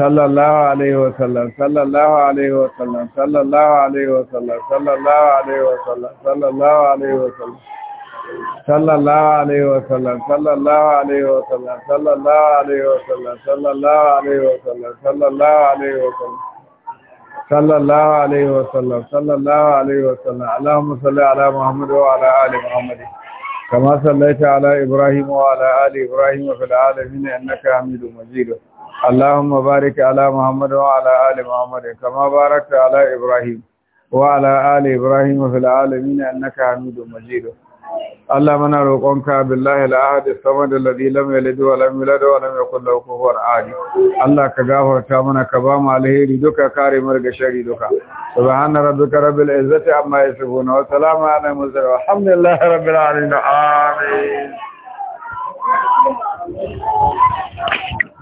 صلى الله عليه وسلم صلى الله عليه وسلم صلى الله عليه وسلم صلى الله عليه وسلم صلى الله عليه وسلم صلى الله عليه وسلم صلى الله عليه وسلم صلى الله عليه وسلم صلى الله عليه وسلم صلى الله عليه وسلم صلى الله عليه وسلم صلى الله عليه وسلم صلى الله عليه وسلم اللهم صل على محمد وعلى ال محمد كما صليت على ابراهيم وعلى ال ابراهيم في العالمين انك حميد مجيد اللهم بارك على محمد وعلى آل محمد كما باركت على إبراهيم وعلى آل إبراهيم في العالمين أنك حميد مجيد اللهم انا روقك بالله الاحد الصمد الذي لم يلد ولم يولد ولم يكن له كفوا احد الله كغفرت منا كبام عليه دوكا كاري مرغ شري دوكا سبحان ربك رب العزه عما يصفون وسلام على المرسلين والحمد لله رب العالمين امين